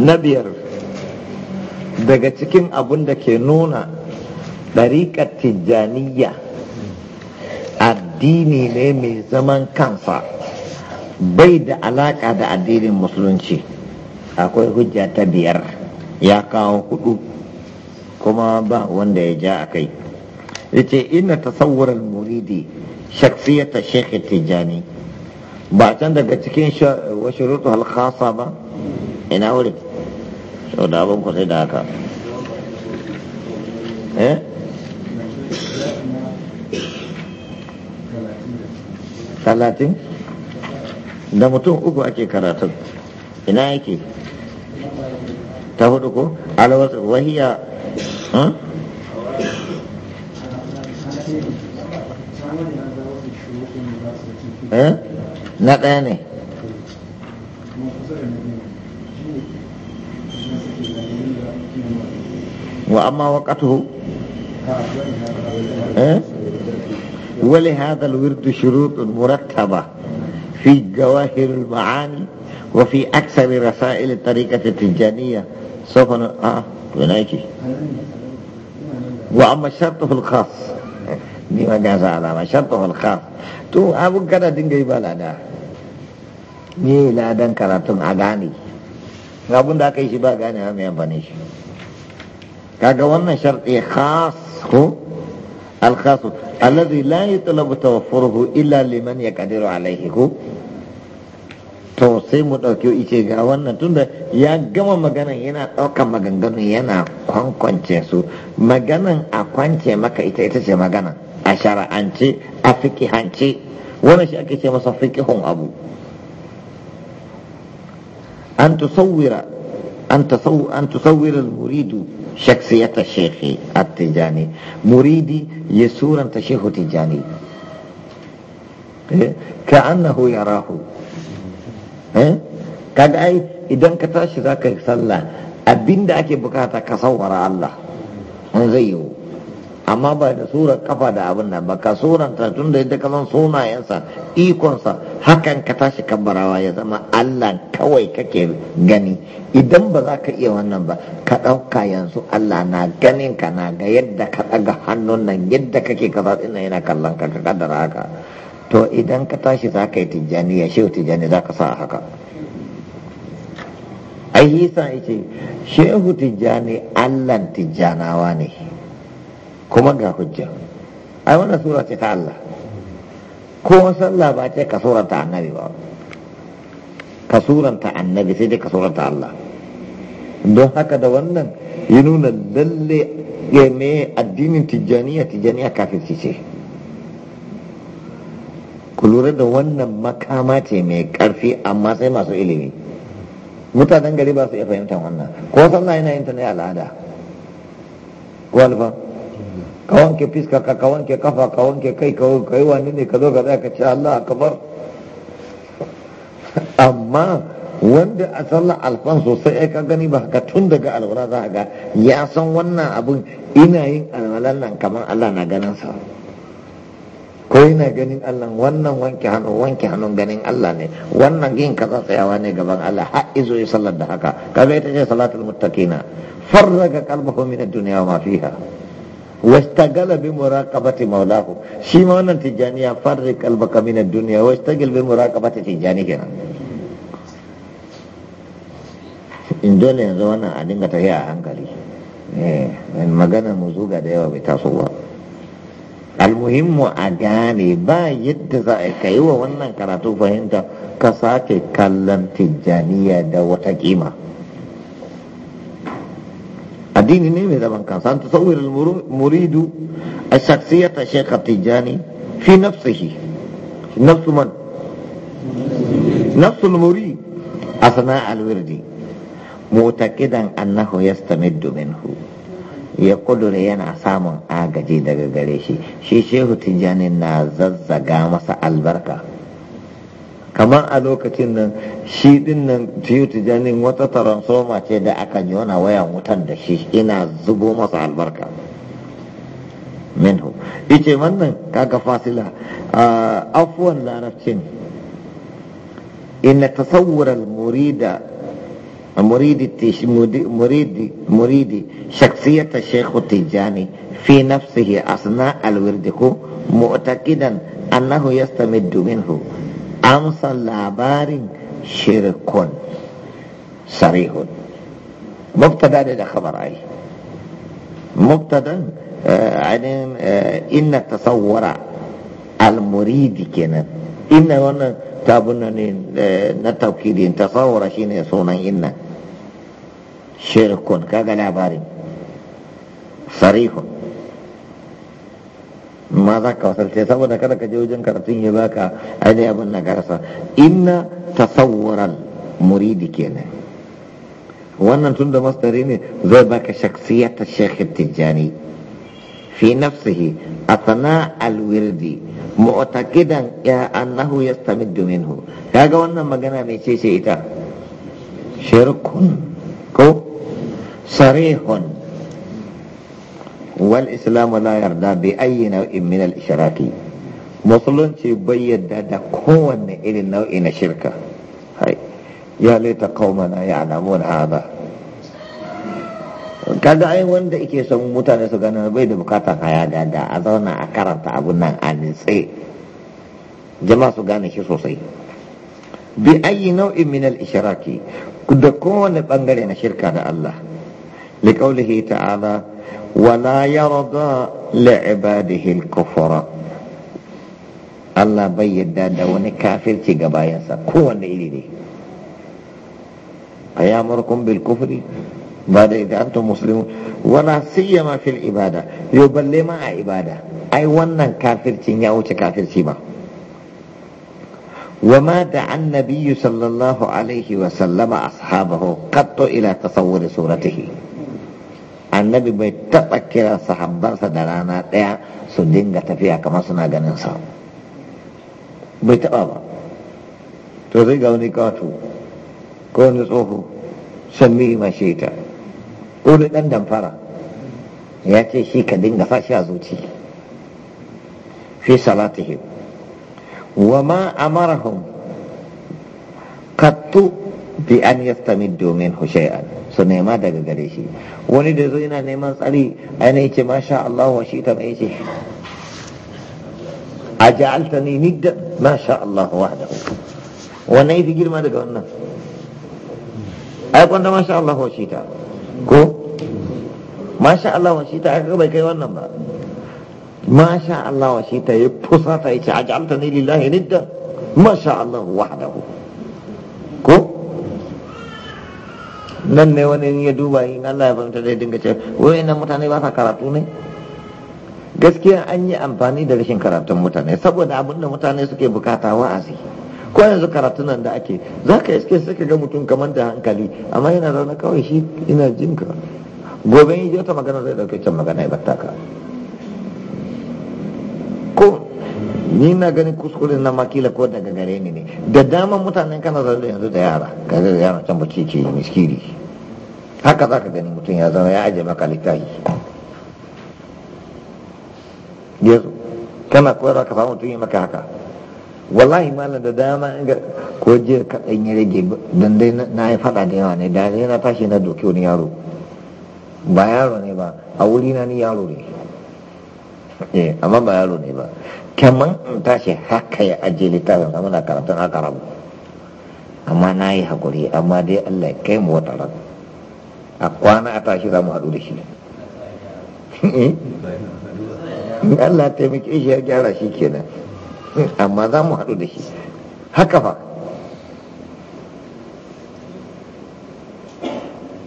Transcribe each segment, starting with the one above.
na biyar daga cikin abun da ke nuna ɗariƙar tijjaniya addini ne mai zaman kansa bai da alaƙa da addinin musulunci akwai hujja ta biyar ya kawo kudu kuma ba wanda ya ja a kai Ya ce, ina tasawurar muridi ta shekhe tijjani ba can daga cikin rutu halkasa ba ina wuri sau da abin kwasai da haka eh talatin da mutum uku ake karatun ina yake ta hudu ko alawar wahiya eh? Eh? na ɗaya ne wa amma waqatuhu eh wali hadha alwird shurut murakkaba fi jawahir almaani wa fi aksari rasail tariqat tijaniyah sawfa ah wanaiki wa amma shartuhu alkhas ni ma gaza ala ma shartuhu alkhas to abu kada dingai balada ni ladan karatun agani abun da kai shi ba gani ha mai amfani shi kaga wannan sharɗi khas ko الخاص الذي لا يطلب توفره إلا لمن يقدر عليه ko to sai mu ɗauki ice ga wannan tunda ya gama maganan yana ɗaukan maganganu yana kwankwance su maganan a kwance maka ita ita ce magana a shara'ance a fikihance wannan shi ake ce masa fikihun abu an tusawwira an tusawwira al-muridu شخصیت شیخی اتی جانی مریدی شخصية الشيخ التجاني مريدي يسورا تشيخ تجاني كأنه يراه قد أي إذا كتاش ذاك صلى أبين ذاك بكاتا كصور اللہ انزیو amma ba da surar kafa da abin nan ba ka suranta tun da yadda kaman sunayensa ikonsa hakan ka tashi kabbarawa ya zama Allah kawai kake gani idan ba za ka iya wannan ba ka ɗauka yanzu Allah na ganin ka na ga yadda ka ɗaga hannun nan yadda kake kaza ina yana kallon ka ka kaddara haka to idan ka tashi za ka yi tijjani ya shehu tijjani za ka sa haka ai yi sa ce shehu tijjani Allah tijjanawa ne kuma ga hujja ai wannan sura ce ta Allah ko sallah ba ce ka suranta annabi ba ka suranta annabi sai dai ka suranta Allah don haka da wannan yi nuna lalle ya me addinin tijjaniya tijjaniya kafirci ce ku lura da wannan makama ce mai karfi amma sai masu ilimi mutanen gari ba su iya fahimtar wannan ko sallah yana yin ta ne al'ada ko alfa ka wanke fiska ka ka wanke kafa ka kai ka kai wani ne ka zo ka ka ce Allah akbar amma wanda a alfan sosai ai ka gani ba ka tun daga alwala za ga ya san wannan abun ina yin alwalan nan kamar Allah na ganin sa ko yana ganin Allah wannan wanke hannu wanke hannun ganin Allah ne wannan yin kaza tsayawa ne gaban Allah har izo ya sallar da haka kaga ita ce salatul muttaqina farraga qalbahu min ad-dunya duniya ma fiha واستغل بمراقبة مولاه شيما وانا تجاني فرق قلبك من الدنيا واستغل بمراقبة تجاني كنا in dole yanzu wannan a dinga tafiya a hankali magana mu zuga da yawa bai taso ba almuhimmu a gane ba yadda za a kai wa wannan karatun fahimta ka sake kallon tijjaniya da wata kima addini ne mai zaman kansa ta sauwir muridu a shaksiyata shekha tijjani fi nafsihi nafsu man nafsul muri a sana'ar wirdi mutakidan annahu yastamiddu minhu ya kudura yana samun agaji daga gare shi shi shehu tijjani na zazzaga masa albarka kamar a lokacin nan shi din nan tiyo janin wata taransoma ce da aka jona wayan wutan da shi ina zubo masa albarka minhu ice wannan kaga fasila afuwan larabcin inna tasawwura al-murida muridi muridi مريد شخصية الشيخ التجاني في نفسه أثناء الورد معتقدا annahu yastamiddu minhu. amsa labarin shirkun sarihun mubtada ne da khabar ai mubtadan eh, ainihin eh, inna tasawwara al-muridi kenan inna wannan tabuna ne eh, na taukidin tasawwara shine sunan inna shirkun kaga labarin sarihun Maza za ka ce saboda kada ka je wajen karatun ya za ka aini abin na garsa inna tasawuran muridi kenan wannan tun da mastari ne zai baka shaksiyata shekhin tijjani fi nafsihi a sana alwirdi mu'takidan ya annahu yastamiddu minhu kaga wannan magana mai ce ce ita shirkun ko sarihun wal islamu la yarda bi ayyi nau'in min al ishraki musulunci bai yarda da kowanne irin nau'i na shirka hai ya laita qaumana ya'lamun hada kaga ai wanda yake son mutane su gane bai da bukatan haya da a zauna a karanta abun nan a nitse jama'a su gane shi sosai bi ayi nau'in min al-ishraki da kowane bangare na shirka da Allah li qawlihi ta'ala ولا يرضى لعباده الكفر الله بيدا ده وني كافر تي غبايسا كو وني إلي دي أيامركم بالكفر بعد إذا أنتم مسلمون ولا سيما في العبادة يبلي ما عبادة أي ونن كافر تي يا كافر تي ما وما دعا النبي صلى الله عليه وسلم أصحابه قط إلى تصور صورته annabi bai taɓa kira sahabbansa da rana ɗaya su dinga tafiya kamar suna ganin sa bai taɓa ba to zai ga wani kato ko wani tsoho sami mashita ko da ɗan damfara ya ce shi ka dinga sashi a zuci fi salatihim wa ma amarahum kattu bi an yastamiddu minhu shay'an su nema daga gare shi wani da zo yana neman tsari ainihin ce masha Allah wa shi ta mai ce a ja'altani nidda masha Allah wahdahu wannan yafi girma daga wannan ai kwanda masha Allah wa shi ta ko masha Allah wa shi ta aka bai kai wannan ba masha Allah wa shi ta ya fusata ya ce a ja'altani lillahi nidda masha Allah wahdahu nan ne wani ya duba yi Allah ya banta zai dinga ce wai nan mutane ba sa karatu ne gaskiya an yi amfani da rashin karatun mutane saboda abin da mutane suke bukata wa'azi ko yanzu karatun nan da ake za ka iske suka ga mutum kamar da hankali amma yana zaune kawai shi ina jinka gobe yi ta magana zai dauke can magana ya bata ka ni na ganin kuskuren na makila ko daga gare ni ne da dama mutanen kana zaune yanzu da yara da yara can bacci ke miskiri haka za ka gani mutum ya zama ya ajiye maka littafi yanzu kana koyarwa ka samu mutum yi maka haka wallahi malam da dama ga ko je kaɗan ya rage don dai na yi faɗa da yawa ne da yana tashi na doki wani yaro ba yaro ne ba a wuri na ni yaro ne eh amma ba yaro ne ba kaman in tashi haka ya ajiye littafin sa na karatun aka rabu amma na yi haƙuri amma dai hmm? Allah ya kai mu wata ran a kwana a tashi za mu haɗu da shi Allah ya taimake shi ya gyara shi kenan amma za mu haɗu da shi haka fa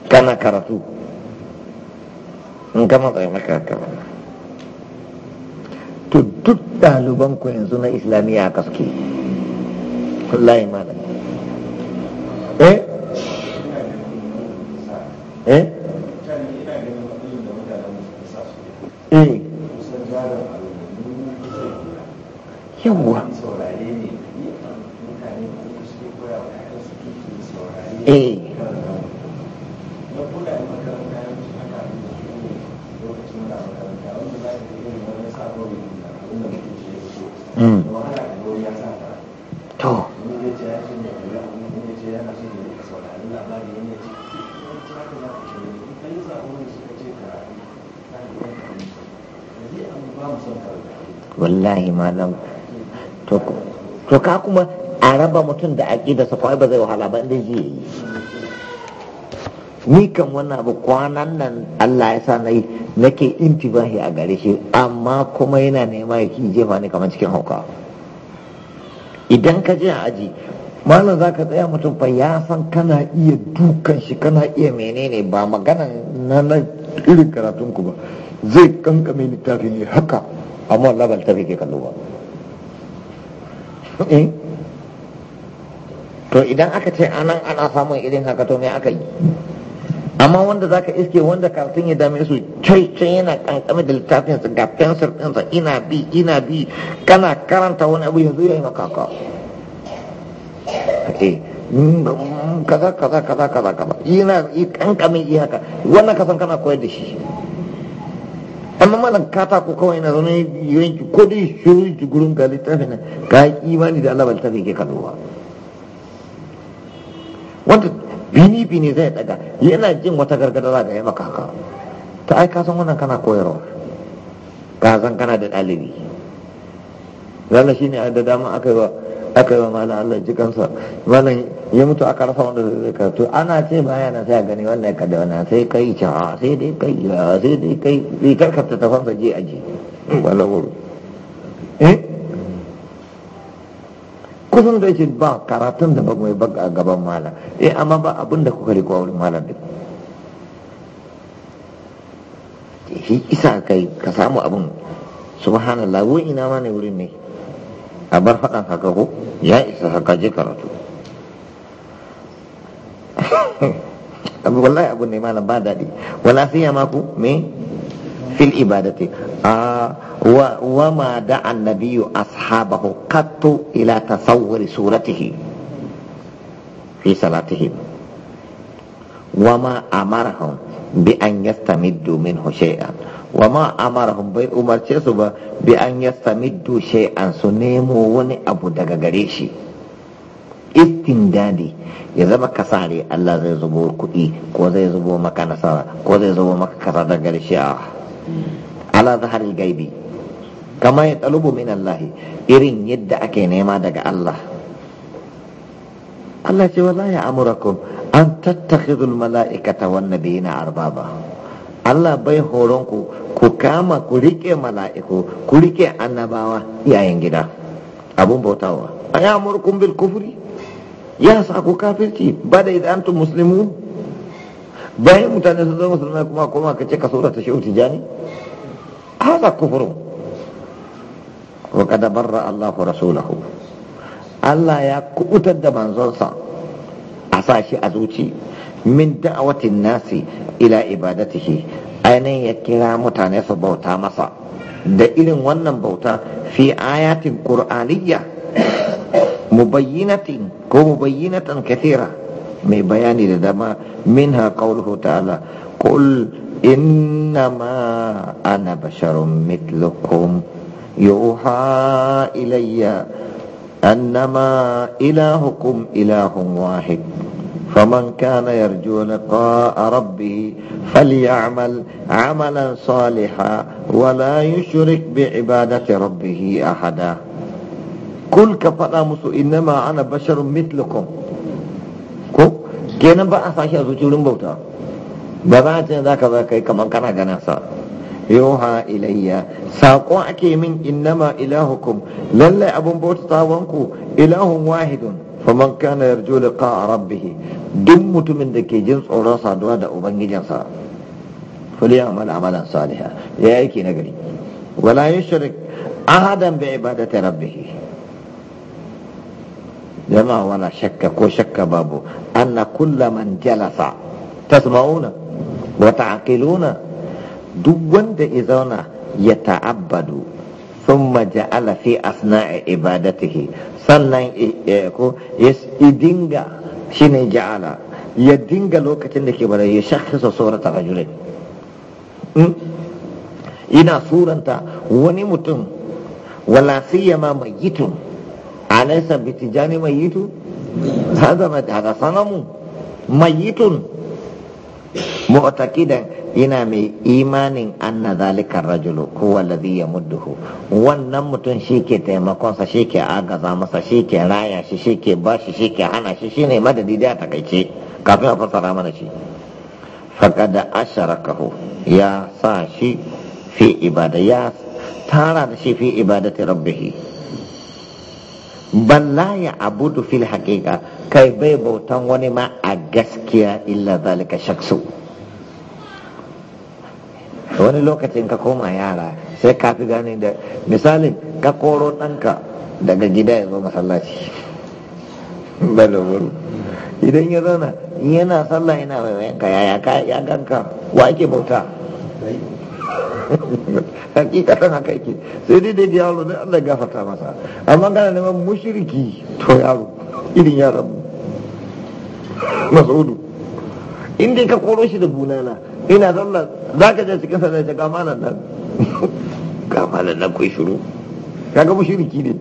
kana karatu in gama tsaye maka haka to duk ɗalibanku yanzu na islamiyya ka suke wallahi malam eh wallahi malam to ka kuma a raba mutum da aƙida sa kawai ba zai wahala ba inda zai yi ni kan wannan abu kwanan nan Allah ya sa nayi nake intibahi a gare shi amma kuma yana nema ya ki jefa ni kamar cikin hauka idan ka je a aji malam za ka tsaya mutum fa ya san kana iya dukan shi kana iya menene ba magana na irin karatun ku ba zai kankame littafi ne haka amma Allah ba littafi ke kallo ba eh? to idan aka ce anan ana samun irin haka to me aka yi amma wanda zaka iske wanda kafin ya dame su cai yana kankame da littafin su ga fensir ɗinsa ina bi ina bi kana karanta wani abu yanzu ya yi makaka eh, kaza kaza kaza kaza kaza yana kankame yi haka wannan kasan kana koyar da shi amma malam katako kawai na zaune yanki ko dai shiru ki gurin ka littafi na ka yi imani da Allah ba littafi ke kallo ba wanda bini bini zai daga yana jin wata gargada za ga yi maka haka ta ai ka wannan kana koyarwa ga zan kana da dalibi, zalla shine da dama aka yi wa aka yi wa malam Allah ji kansa malam ya mutu aka rasa wanda zai karatu ana ce baya na sai a gani wannan ya kada wannan sai kai ca sai dai kai sai dai kai zai karkata ta fansa je aji wala wuri eh kusan da yake ba karatun da ba mai baga a gaban malam eh amma ba abin da kuka riko wurin malam din shi isa kai ka samu abin subhanallah wani ina ma ne wurin ne a bar faɗan haka ko ya isa haka je karatu abu wallahi abu ne malam ba daɗi wala fiya maku me fil ibadati wa wa ma da annabiyu ashabahu qattu ila tasawwuri suratihi fi salatihi wa ma amarahum bi an yastamiddu minhu shay'an wa ma amarahum bai umarce su ba bi an yastamiddu shay'an su nemo wani abu daga gare shi istindadi ya zama kasare Allah zai zubo kuɗi ko zai zubo maka nasara ko zai zubo maka kasa daga gare shi a ala gaibi kama ya talubu min Allah irin yadda ake nema daga Allah Allah ce wallahi ya amurakum an tattakhidul mala'ikata wan nabiyina arbaba Allah bai horonku ku kama ku rike mala'iku ku rike annabawa yayin gida abun bautawa a ya murkun bil kufri ya sa ku kafirci ba da idan tun muslimu bayan mutane sun zama musulmai kuma kuma ka ce ka sura ta shehu tijani haza kufrun wa kada barra Allahu rasulahu Allah ya kubutar da manzonsa a sa shi a zuci من دعوة الناس إلى عبادته أين يكلا متانيس بوتا مصا دائل ونن بوتا في آيات قرآنية مبينة كمبينة كثيرة من بيان لدما منها قوله تعالى قل إنما أنا بشر مثلكم يوحى إلي أنما إلهكم إله واحد فمن كان يرجو لقاء ربه فليعمل عملا صالحا ولا يشرك بعبادة ربه أحدا كل كفر إنما أنا بشر مثلكم kenan ba a sashi a zuciyar bauta ba za a ce kai kamar kana gana sa yoha ilayya saƙo ake min innama ilahukum lallai abun bauta tawanku ilahun wahidun faman kana yarju liqa rabbihi duk mutumin da ke jin tsoron saduwa da ubangijinsa falyamal amalan salihah ya yake nagari wala yushrik ahadan bi ibadati rabbihi jama wala shakka ko shakka babu anna kullu man jalasa tasma'una wa ta'qiluna duk wanda ya zauna ya ta'abbadu Sun thumma ja'ala fi asna'i ke, sannan ko shi ne ja'ala ya dinga lokacin da ke bada ya shakhisa a jirai. ina suranta wani mutum wala siyama mayyitun alaysa bitijani mayyitu hada ma da sanamu Mai mayyitun mu'taqidan yana mai imanin anna zalika rajulu huwa alladhi yamudduhu wannan mutum shike taimakon sa shike agaza masa shike raya shi shike bashi shike hana shi shine madadi da takaice kafin a fassara mana shi faqad asharakahu ya sa shi fi ibada ya tara da shi fi ibadati rabbih bal la ya abudu fil haqiqa kai bai bautan wani ma a gaskiya illa zalika shaksu wani lokacin ka koma yara sai ka fi gane da misalin ka koro ɗanka daga gida ya zo masallaci balaburu idan ya zauna yana sallah yana waiwayen ka yaya ka ya ganka wa ake bauta hakika san haka yake sai dai dai yaro da Allah gafarta masa amma kana neman mushriki to yaro irin yaran masudu in dai ka koro shi da bunana ina sallah za ka je cikin sallah ta kama nan kama nan kai shiru kaga mushriki ne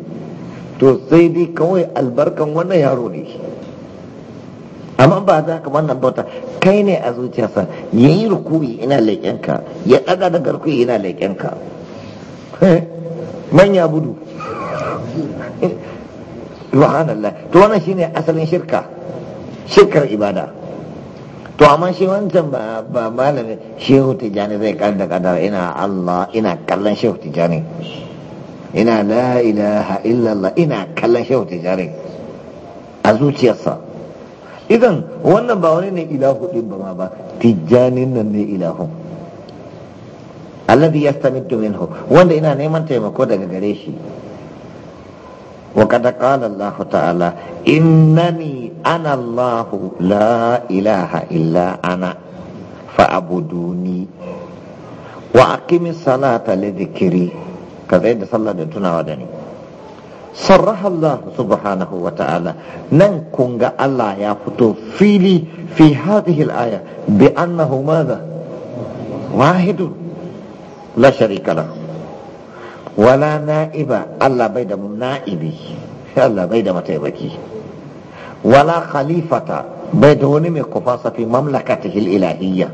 to sai dai kawai albarkan wannan yaro ne amma ba za ka wannan bauta kai ne a zuciyarsa ya yi rukuri ina leƙenka ya ɗaga da garkuyi ina leƙenka eh, manya budu subhanallah to wannan shine asalin shirka shirkar ibada to amma shi wancan ba ba shehu tijani zai kar da kadar ina Allah ina kallon shehu tijani ina la ilaha illallah ina kallon shehu tijani a zuciyarsa idan wannan ba wani ne ilahu din ba ma ba tijani nan ne ilahu alladhi yastamiddu minhu wanda ina neman taimako daga gare shi wa kada qala Allah ta'ala ni. Anallahu Allahu la ilaha illa ana fa'abuduni wa aqimi salata li dhikri ka zai da sallah da tunawa da ni sarraha Allah subhanahu wa ta'ala nan kun ga Allah ya fito fili fi hadhihi al-aya bi annahu madha wahidu la sharika lahu wala na'iba Allah bai da na'ibi Allah bai da mataimaki wala khalifata bai da wani mai kufasa fi mamlakatihi ilahiyya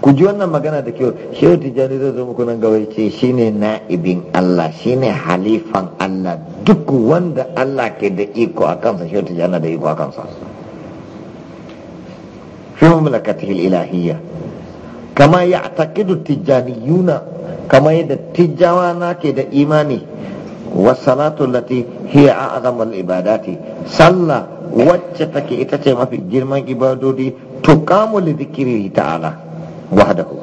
ku ji wannan magana da kyau shehu tijjani zai zo muku nan ce na'ibin Allah ne halifan Allah duk wanda Allah ke da iko a kansa shehu tijjani da iko a kansa fi mamlakatihi ilahiyya kama ya'taqidu tijjaniyuna kama yadda tijjawa na ke da imani والصلاة a هي ibada العبادات sallah wacce take ita ce mafi girman ibadodi tuqamu li dhikri ta'ala wahdahu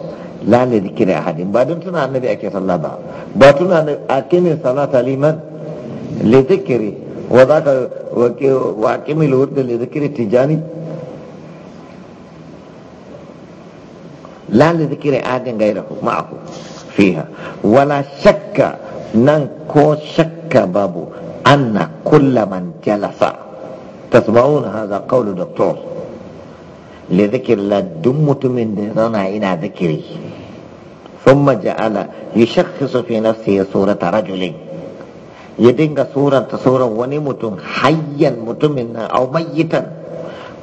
la li dhikri ahadin ba don tuna annabi ake sallah ba ba tuna akimin salata liman li dhikri wa zaka wa akimil wurd li dhikri tijani la li dhikri ahadin ghayrahu ma'ahu fiha wala shakka nan ko shakka babu anna kullaman jalasa tasma'una hadha qawlu doktor li dhikrillah duk mutumin da zauna yana zikiri thumma ja'ala yushakhkhisu fi siya surata rajulin ya dinga suranta sauran wani mutum hayyan mutumin nan au mayyitan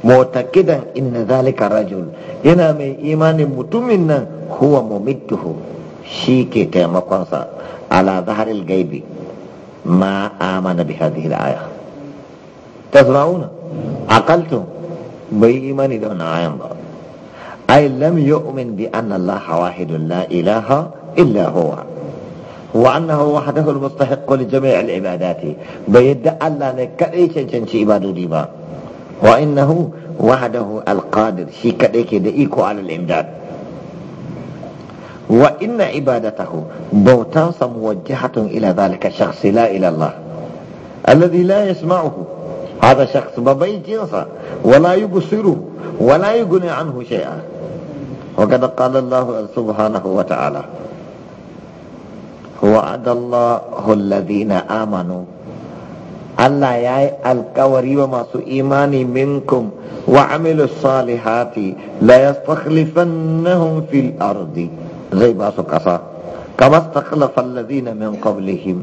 mutakidan inna zalika rajul yana mai imanin mutumin nan huwa mumittuhu shi ke taimakonsa ala zaharil gaibi ma amana bi hadhihi al-aya tazrauna aqaltum bai imani da wannan ayan ba ai lam yu'min bi anna Allah wahidun la ilaha illa huwa wa annahu wahdahu al-mustahiq li jami' al-ibadat bai yadda Allah ne kadai cancanci ibadodi ba wa innahu wahdahu al-qadir shi kadai ke da iko alal imdad wa inna ibadatahu bautansa muwajjahatun ila dhalika shakhs la ila Allah alladhi la yasma'uhu هذا شخص ببيت جنسه ولا يبصره ولا يغني عنه شيئا وقد قال الله سبحانه وتعالى وعد الله الذين آمنوا الله يا القوري وما إيماني منكم وعملوا الصالحات لا يستخلفنهم في الأرض زي ما سكسا كما استخلف الذين من قبلهم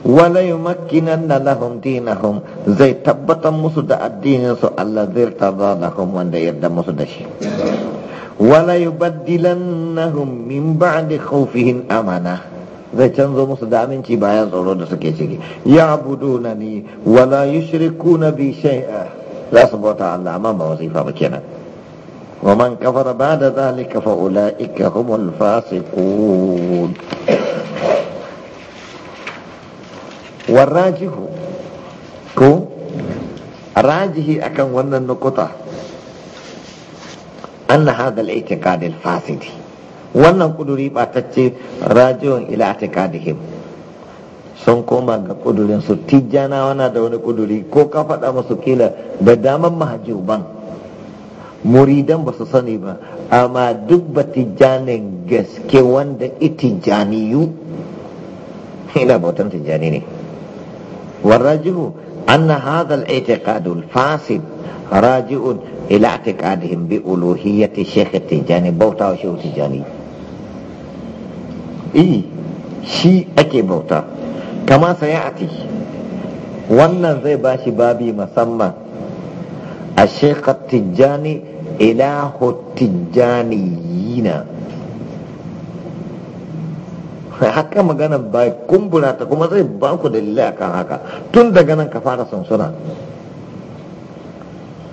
wala yumakkinanna lahum dinahum zai tabbatar musu da addinin su Allah zai tarda lahum wanda yarda musu da shi wala yubaddilannahum min ba'di kofin amana zai canzo musu da aminci bayan tsoro da suke ciki ya buduna ni wala yushrikuna bi shay'a za su bauta Allah amma ba wazifa ba kenan ومن كفر بعد ذلك فأولئك هم الفاسقون warrajihu ko rajihi akan wannan nukuta an na hadal kadin fasidi wannan kuduri batacce rajiyun ila itikadihim sun koma ga kudurin su tijjana wana da wani kuduri ko ka faɗa ƙila kila da daman mahajuban muridan ba su sani ba amma duk ba tijjanin gaske wanda itijjaniyu ina bautan tijjani ne والراجح أن هذا الاعتقاد الفاسد راجع إلى اعتقادهم بألوهية الشيخ التجاني بوتا وشيخ التجاني إيه شيء أكي بوتا كما سيأتي wannan zai ba shi babi musamman a shekar tijjani ilahu tijjaniyina sai haka magana ba kumbura ta kuma zai ba ku dalilai akan haka tun daga nan ka fara sansuna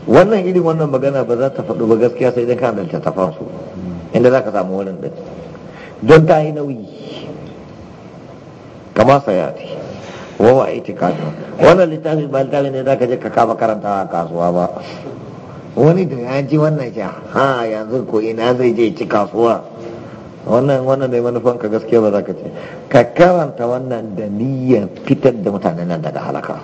wannan irin wannan magana ba za ta faɗo ba gaskiya sai dai ka dalta ta fansu inda za ka samu wurin da don ta yi nauyi kama sayati wawa itikafi wannan littafi ba littafi ne za ka je ka kama karanta a kasuwa ba wani da ya ji wannan sha ha yanzu ko ina zai je ci kasuwa wannan wannan ne manufan ka gaskiya ba za ka ce ka karanta wannan da niyyar fitar da mutane nan daga halaka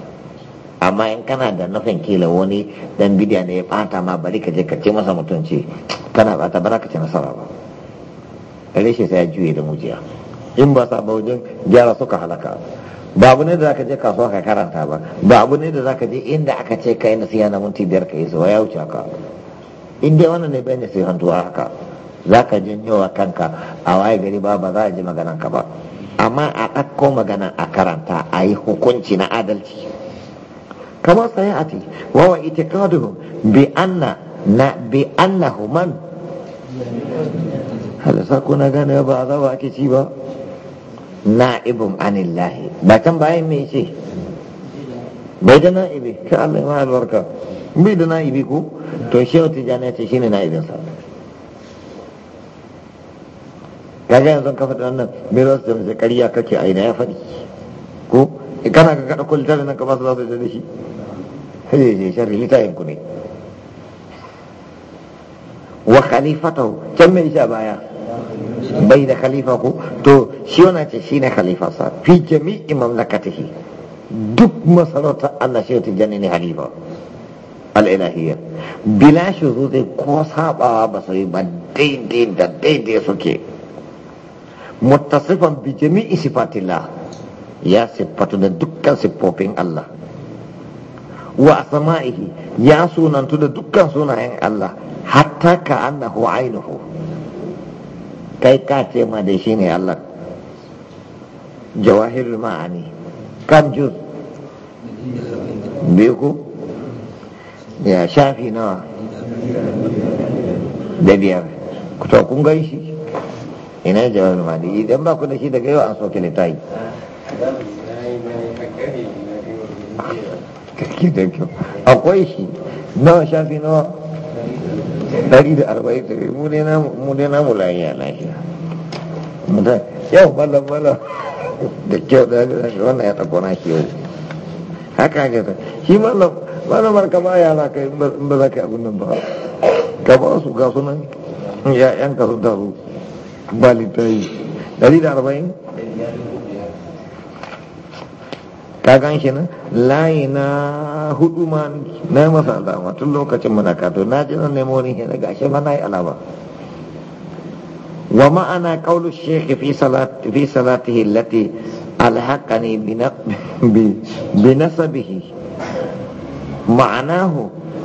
amma in kana da nufin kila wani dan bidiya ne ya bata ma bari ka je ka ce masa mutunci kana bata ba ka ce nasara ba rashin sai ya juye da mujiya in ba sa ba wajen gyara suka halaka ba abu ne da zaka je kasuwa ka karanta ba ba abu ne da zaka je inda aka ce kai nasiha na minti biyar ka yi zuwa ya wuce haka in dai wannan ne bai ne sai hantuwa haka za ka janyo wa kanka a waye gari ba ba za a ji maganan ka ba amma a ɗakko magana a karanta a yi hukunci na adalci kamar sayati wa wa kadu bi anna na bi annahu human. halasa ko na gane ba za ba ake ci ba ibu anillahi ba can bayan mai ce bai da na'ibi ka Allah ma albarka bai da ibi ko to shi wata ya ce shi ibin na'ibinsa kaga yanzu ka faɗi wannan mirror za su tamsa ƙarya kake aina ya faɗi ko kana ka kaɗa kwalitar nan ka ba su za su da shi sai ya sharri litayin ku ne wa khalifatahu can mai sha baya bai da khalifa ko to shi wana ce shi ne khalifa sa fi jami'i mamlakatihi duk masarauta Allah shi ta janni ne khalifa al'ilahiyya bila shi zo zai ko sabawa ba sai ba daidai da daidai suke muttasifan bi jami'i sifatillah ya sifatu da dukkan siffofin Allah wa asma'ihi ya sunan da dukkan yang Allah hatta ka annahu ainihu kai ka ce ma dai shine Allah jawahirul ma'ani kan ju ya shafi na da ku to kun ina jawabin mali idan ba ku da shi daga yau an soke littafi ta yi akwai shi nawa shafi nawa dari da arba'in da mu ne na mu ne na mu lafiya mutum yau balabala da kyau da ya wannan ya tsakona shi yau haka ne shi malam malamar kama yara kai in ba za ka yi abin nan ba ka ba su ga sunan ya'yan ka su taru ba littafi dari da arba'in ka gan shi nan layi na hudu ma na masa alama tun lokacin muna kato na ji nan nemo ni shi na gashi ma na yi alama wa ma'ana qawlu shaykh fi salati fi salatihi allati alhaqani bi nasabihi ma'anahu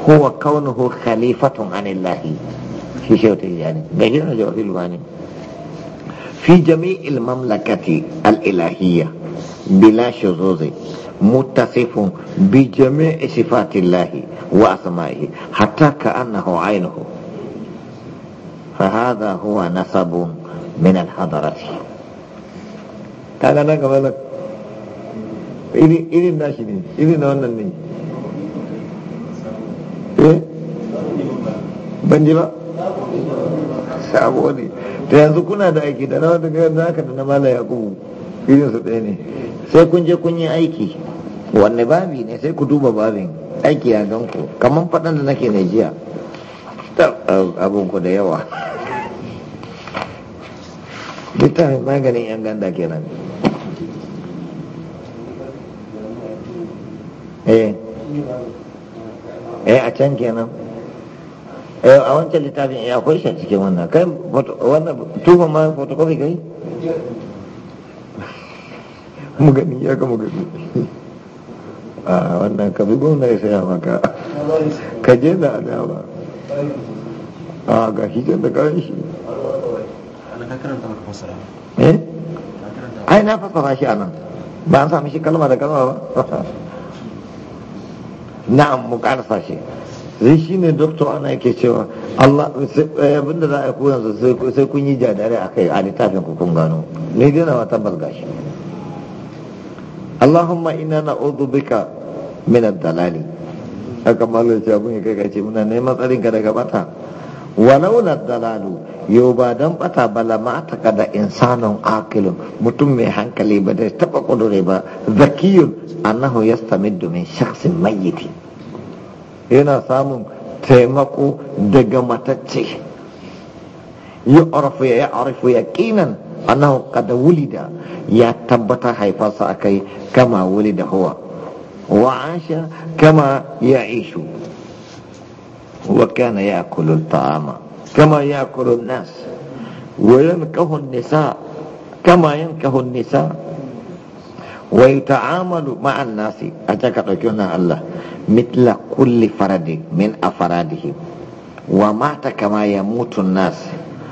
huwa kaunuhu khalifatun anillahi shi shautai yani gashi na jawabin bani في جميع المملكة الإلهية بلا شذوذ متصف بجميع صفات الله وأسمائه حتى كأنه عينه فهذا هو نسب من الحضرة تعالى nan gaba na irin nashi ne نوانا na إيه ne eh ta yanzu kuna da aiki da na wata gaya naka da na mala yakubu irin su ɗaya ne sai kun je kun yi aiki wanne babi ne sai ku duba babin aiki a ganku kamar faɗan da nake ne jiya ku da yawa littafin maganin yan ganda kenan eh eh a can kenan Eh, a wancan littafin ya eh, kwai shi a cikin wannan kai wannan tufa ma photocopy kai mu gani ya ga mu gani a wannan ka bi gwamna ya saya maka ka je da dama a ga shi can da kawai shi eh ai na fassara shi a nan ba an sami shi kalma da kalma ba na'am mu karsa shi zai shi ne doktor ana yake cewa Allah eh, abinda za a koyan su sai kun yi jadare a kai a littafin ku kun gano ne dai na wata gashi Allahumma na na'udhu bika min dalali a kamar ce abin ya kai ce muna neman tsarin ka daga bata walau la dalalu yau ba dan bata bala ma ta kada insanon akilun mutum mai hankali ba da taba kudure ba zakiyun annahu yastamiddu min shaksin mayyiti yana samun taimako daga matacce yi arafu ya arafu ya kinan ana kada wulida ya tabbatar haifarsa a kai. kama wulida huwa wa asha kama ya ishu wa kana ya ta'ama kama ya nas wa yankahu nisa kama yankahu nisa wa yuta'amalu ma'an nasi a ta ka ɗauki wannan Allah mitla kulli faradi min afaradihi wa mata kama ya mutu nas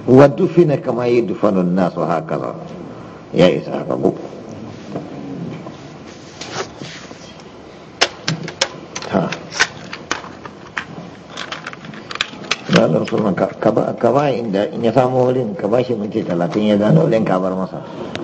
wa dufina kama ya dufanu nas wa hakaza ya isa haka ko Zalar Sulman ka ba inda in ya samu wurin ka ba shi minti talatin ya gano wurin ka bar masa.